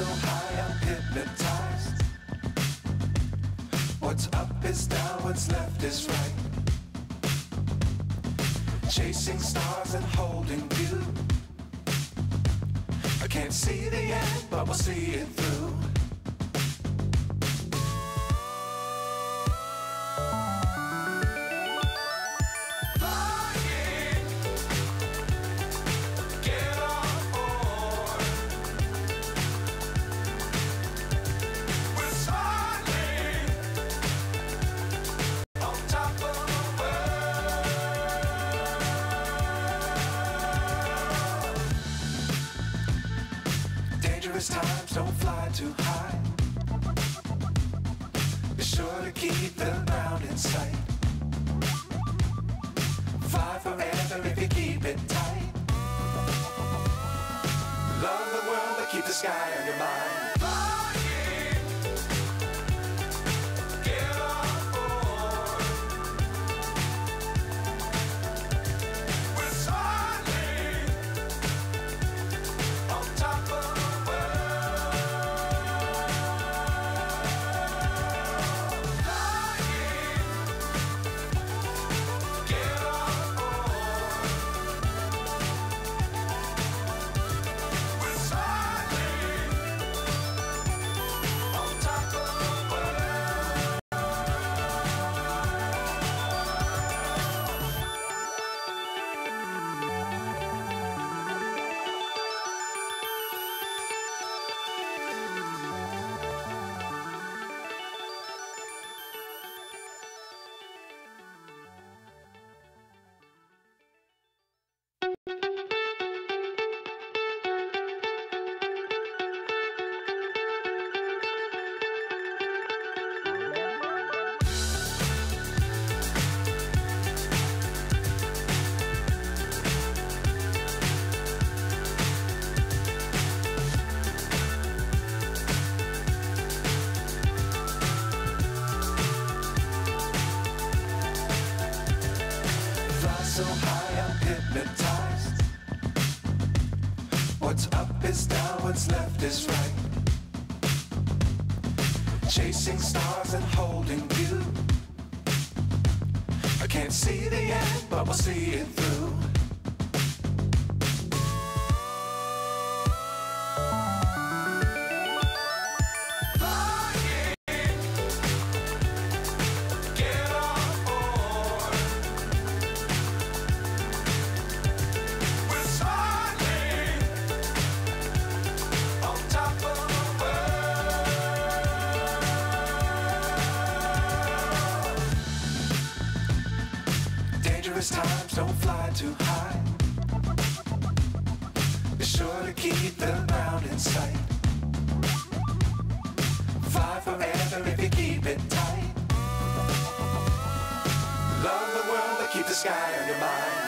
so high, I'm hypnotized. What's up is down, what's left is right. Chasing stars and holding you. I can't see the end, but we'll see it through. First times don't fly too high. Be sure to keep the ground in sight. Fly forever if you keep it tight. Love the world, but keep the sky on your mind. so high, I'm hypnotized. What's up is down, what's left is right. Chasing stars and holding you. I can't see the end, but we'll see it through. Nervous times don't fly too high. Be sure to keep the ground in sight. Fly forever if you keep it tight. Love the world, but keep the sky on your mind.